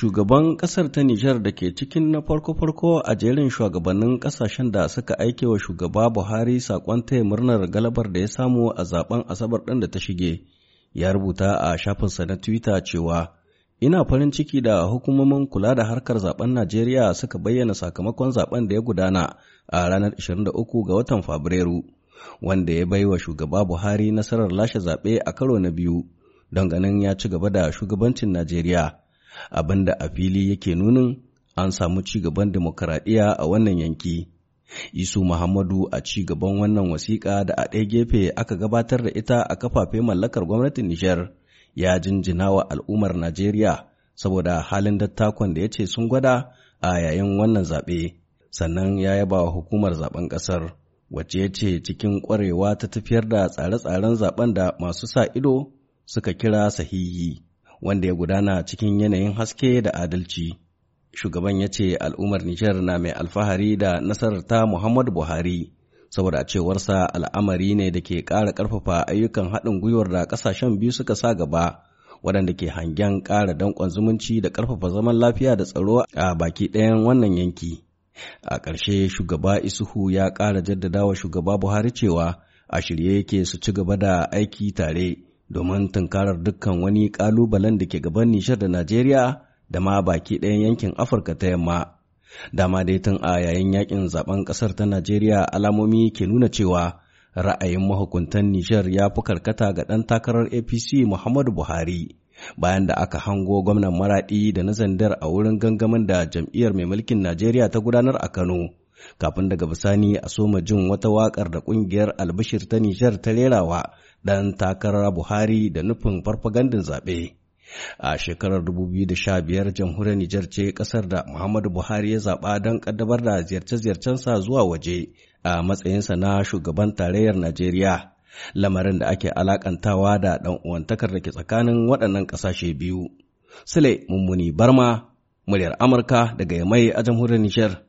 Shugaban ƙasar ta Nijar da ke cikin na farko-farko a jerin shugabannin ƙasashen da suka aike wa shugaba Buhari saƙon taya murnar galabar da ya samu a zaben Asabar ɗin da ta shige, ya rubuta a shafinsa na Twitter cewa, Ina farin ciki da hukumomin kula da harkar zaben Najeriya suka bayyana sakamakon zaben da ya gudana a ranar 23 ga watan Fabrairu, wanda ya bai wa shugaba Buhari nasarar lashe zaɓe a karo na biyu, don ganin ya ci gaba da shugabancin Najeriya. abinda a fili yake nunin an samu ci gaban demokaradiyya a wannan yanki. Isu Muhammadu a ci gaban wannan wasiƙa da a ɗaya gefe aka gabatar da ita a kafafe mallakar gwamnatin Nijar ya jinjina wa al'ummar Najeriya saboda halin dattakon da ya ce sun gwada a yayin wannan zaɓe, sannan ya yaba wa hukumar zaɓen ƙasar, wacce ya ce cikin ƙwarewa ta tafiyar da tsare-tsaren zaɓen da masu sa ido suka kira sahihi. wanda ya gudana cikin yanayin haske da adalci. Shugaban ya ce al'ummar Nijar na mai alfahari da nasarar ta Muhammadu Buhari, saboda cewarsa al'amari ne da ke ƙara ƙarfafa ayyukan haɗin gwiwar da ƙasashen biyu suka sa gaba, waɗanda ke hangen ƙara danƙon zumunci da ƙarfafa zaman lafiya da tsaro a baki ɗayan wannan yanki. A ƙarshe shugaba Isuhu ya ƙara jaddadawa shugaba Buhari cewa a shirye yake su ci gaba da aiki tare domin tunkarar dukkan wani ƙalubalen da ke gaban Nishar da Najeriya da ma baki ɗayan yankin Afirka ta yamma. Dama dai tun a yayin yakin zaben ƙasar ta Najeriya alamomi ke nuna cewa ra'ayin mahukuntan Nijar ya fi karkata ga ɗan takarar APC Muhammadu Buhari. bayan da aka hango gwamnan maraɗi da na zandar a wurin gangamin da jam'iyyar mai mulkin Najeriya ta gudanar a Kano. Kafin daga bisani a soma jin wata waƙar da ƙungiyar albishir ta Nijar ta rerawa ɗan takarar Buhari da nufin farfagandun zaɓe. A shekarar 2015 jamhuriyar Nijar ce ƙasar da Muhammadu Buhari ya zaɓa don ƙaddamar da ziyarce-ziyarcensa zuwa waje a matsayinsa na shugaban tarayyar Najeriya. Lamarin da ake alakantawa da ɗan uwantakar da ke tsakanin waɗannan ƙasashe biyu. Sule Mummuni Barma, muryar Amurka daga Yamai a jamhuriyar Nijar.